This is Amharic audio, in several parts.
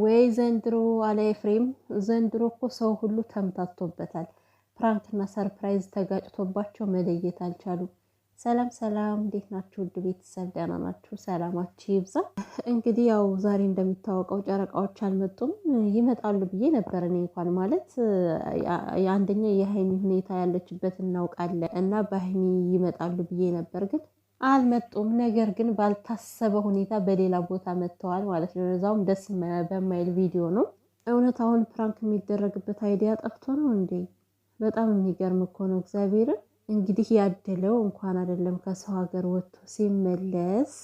ወይ ዘንድሮ አለ ኤፍሬም። ዘንድሮ እኮ ሰው ሁሉ ተምታቶበታል። ፕራንክና ሰርፕራይዝ ተጋጭቶባቸው መለየት አልቻሉም። ሰላም ሰላም፣ እንዴት ናችሁ ውድ ቤተሰብ? ደህና ናችሁ? ሰላማችሁ ይብዛ። እንግዲህ ያው ዛሬ እንደሚታወቀው ጨረቃዎች አልመጡም። ይመጣሉ ብዬ ነበር እኔ እንኳን ማለት አንደኛ የሀይሚ ሁኔታ ያለችበት እናውቃለን እና በሀይሚ ይመጣሉ ብዬ ነበር ግን አልመጡም። ነገር ግን ባልታሰበ ሁኔታ በሌላ ቦታ መጥተዋል ማለት ነው። እዛውም ደስ በማይል ቪዲዮ ነው። እውነት አሁን ፕራንክ የሚደረግበት አይዲያ ጠፍቶ ነው እንዴ? በጣም የሚገርም እኮ ነው። እግዚአብሔርን እንግዲህ ያደለው እንኳን አይደለም ከሰው ሀገር ወጥቶ ሲመለስ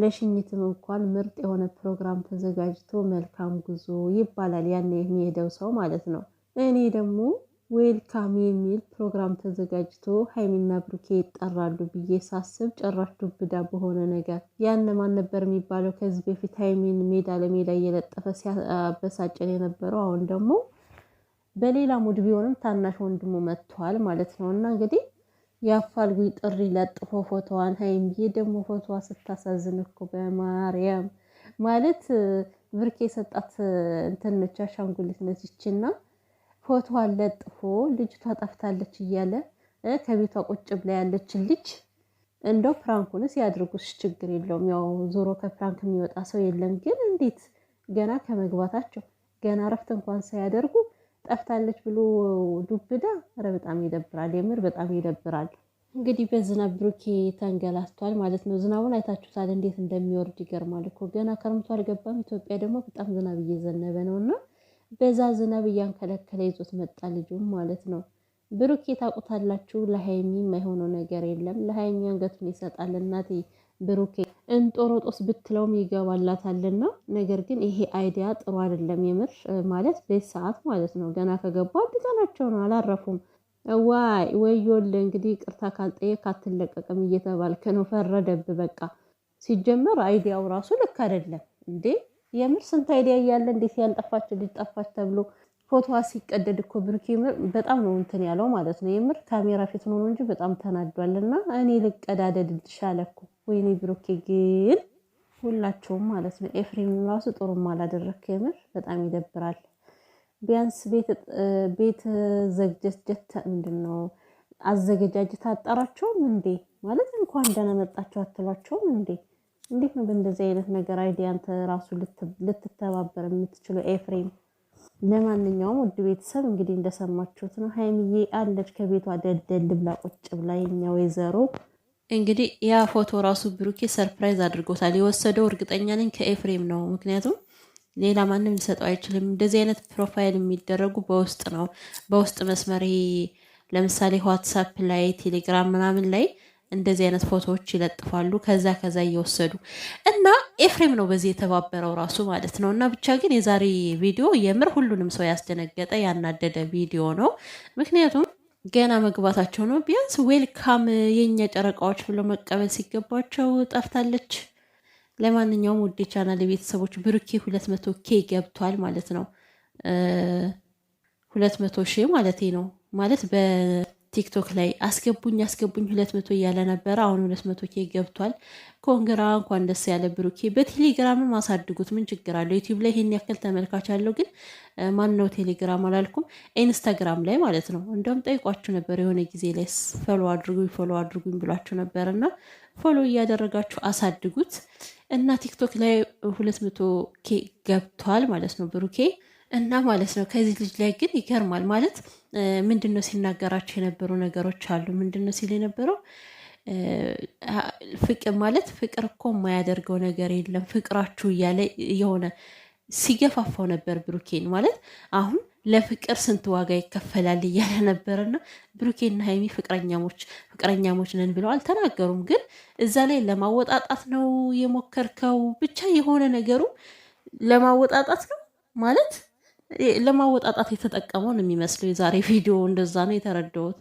ለሽኝትም እንኳን ምርጥ የሆነ ፕሮግራም ተዘጋጅቶ መልካም ጉዞ ይባላል። ያን የሚሄደው ሰው ማለት ነው። እኔ ደግሞ ዌልካም የሚል ፕሮግራም ተዘጋጅቶ ሀይሚና ብሩኬ ይጠራሉ ብዬ ሳስብ ጭራሽ ዱብዳ በሆነ ነገር ያነ ማን ነበር የሚባለው ከዚህ በፊት ሀይሚን ሜዳ ለሜዳ እየለጠፈ ሲያበሳጨን የነበረው አሁን ደግሞ በሌላ ሙድ ቢሆንም ታናሽ ወንድሙ መጥቷል ማለት ነው። እና እንግዲህ የአፋልጉ ጥሪ ለጥፎ ፎቶዋን ሀይሚዬ ደግሞ ፎቶዋ ስታሳዝን እኮ በማርያም ማለት ብርኬ የሰጣት እንትነች አሻንጉሊት ነች ይችና ፎቶ አለጥፎ ልጅቷ ጠፍታለች እያለ ከቤቷ ቁጭ ብላ ያለችን ልጅ እንደው ፕራንኩንስ ያድርጉስ ችግር የለውም። ያው ዞሮ ከፕራንክ የሚወጣ ሰው የለም። ግን እንዴት ገና ከመግባታቸው ገና እረፍት እንኳን ሳያደርጉ ጠፍታለች ብሎ ዱብዳ፣ ኧረ በጣም ይደብራል። የምር በጣም ይደብራል። እንግዲህ በዝናብ ብሩኬ ተንገላስቷል ማለት ነው። ዝናቡን አይታችሁታል እንዴት እንደሚወርድ ይገርማል እኮ ገና ከርምቶ አልገባም። ኢትዮጵያ ደግሞ በጣም ዝናብ እየዘነበ ነው እና በዛ ዝናብ እያንከለከለ ይዞት መጣ ልጁም ማለት ነው። ብሩኬ ታውቁታላችሁ። ለሀይሚ የማይሆነው ነገር የለም። ለሀይሚ አንገቱን ይሰጣል። እናቴ ብሩኬ እንጦሮጦስ ብትለውም ይገባላታልና፣ ነገር ግን ይሄ አይዲያ ጥሩ አይደለም። የምር ማለት በዚህ ሰዓት ማለት ነው። ገና ከገቡ አንድ ቀናቸው ነው፣ አላረፉም። ዋይ ወዮል እንግዲህ ቅርታ ካልጠየቅ አትለቀቅም እየተባልክ ነው። ፈረደብ በቃ። ሲጀመር አይዲያው ራሱ ልክ አይደለም እንዴ! የምር ስንት አይዲያ እያለ እንዴት ያልጠፋች ልጅ ጠፋች ተብሎ ፎቶዋ ሲቀደድ እኮ ብሩኬ በጣም ነው እንትን ያለው ማለት ነው። የምር ካሜራ ፊት ነው እንጂ በጣም ተናዷል። እና እኔ ልቀዳደድ ልሻለ እኮ ወይኔ ብሩኬ ግን ሁላቸውም ማለት ነው። ኤፍሬም ራሱ ጥሩም አላደረክ። የምር በጣም ይደብራል። ቢያንስ ቤት ዘግጀት ምንድን ነው አዘገጃጀት አጠራቸውም እንዴ ማለት እንኳን ደህና መጣቸው አትሏቸውም እንዴ? እንዴት ነው በእንደዚህ አይነት ነገር አይዲያ አንተ ራሱ ልትተባበር የምትችለው ኤፍሬም? ለማንኛውም ውድ ቤተሰብ እንግዲህ እንደሰማችሁት ነው። ሀይምዬ አለች ከቤቷ ደደል ብላ ቁጭ ብላ የኛ ወይዘሮ እንግዲህ ያ ፎቶ ራሱ ብሩኬ ሰርፕራይዝ አድርጎታል። የወሰደው እርግጠኛ ነኝ ከኤፍሬም ነው። ምክንያቱም ሌላ ማንም ሊሰጠው አይችልም። እንደዚህ አይነት ፕሮፋይል የሚደረጉ በውስጥ ነው፣ በውስጥ መስመር ለምሳሌ ዋትሳፕ ላይ፣ ቴሌግራም ምናምን ላይ እንደዚህ አይነት ፎቶዎች ይለጥፋሉ። ከዛ ከዛ እየወሰዱ እና ኤፍሬም ነው በዚህ የተባበረው ራሱ ማለት ነው። እና ብቻ ግን የዛሬ ቪዲዮ የምር ሁሉንም ሰው ያስደነገጠ ያናደደ ቪዲዮ ነው። ምክንያቱም ገና መግባታቸው ነው። ቢያንስ ዌልካም የእኛ ጨረቃዎች ብሎ መቀበል ሲገባቸው ጠፍታለች። ለማንኛውም ውድ ቻናል የቤተሰቦች ብሩኬ ሁለት መቶ ኬ ገብቷል ማለት ነው። ሁለት መቶ ሺህ ማለት ነው ማለት በ ቲክቶክ ላይ አስገቡኝ አስገቡኝ ሁለት መቶ እያለ ነበረ። አሁን ሁለት መቶ ኬ ገብቷል። ኮንግራ እንኳን ደስ ያለ ብሩኬ። በቴሌግራምም አሳድጉት ምን ችግር አለው? ዩቲዩብ ላይ ይሄን ያክል ተመልካች አለው፣ ግን ማን ነው ቴሌግራም አላልኩም፣ ኢንስታግራም ላይ ማለት ነው። እንደውም ጠይቋችሁ ነበር የሆነ ጊዜ ላይ ፎሎ አድርጉኝ ፎሎ አድርጉኝ ብሏችሁ ነበር እና ፎሎ እያደረጋችሁ አሳድጉት እና ቲክቶክ ላይ ሁለት መቶ ኬ ገብቷል ማለት ነው ብሩኬ እና ማለት ነው ከዚህ ልጅ ላይ ግን ይገርማል ማለት ምንድን ነው ሲናገራቸው የነበሩ ነገሮች አሉ። ምንድን ነው ሲል የነበረው ፍቅር ማለት ፍቅር እኮ የማያደርገው ነገር የለም ፍቅራችሁ እያለ የሆነ ሲገፋፋው ነበር ብሩኬን ማለት አሁን ለፍቅር ስንት ዋጋ ይከፈላል እያለ ነበረና ብሩኬና ሀይሚ ፍቅረኛሞች ፍቅረኛሞች ነን ብለው አልተናገሩም። ግን እዛ ላይ ለማወጣጣት ነው የሞከርከው ብቻ የሆነ ነገሩ ለማወጣጣት ነው ማለት ለማወጣጣት የተጠቀመው ነው የሚመስለው የዛሬ ቪዲዮ እንደዛ ነው የተረዳሁት።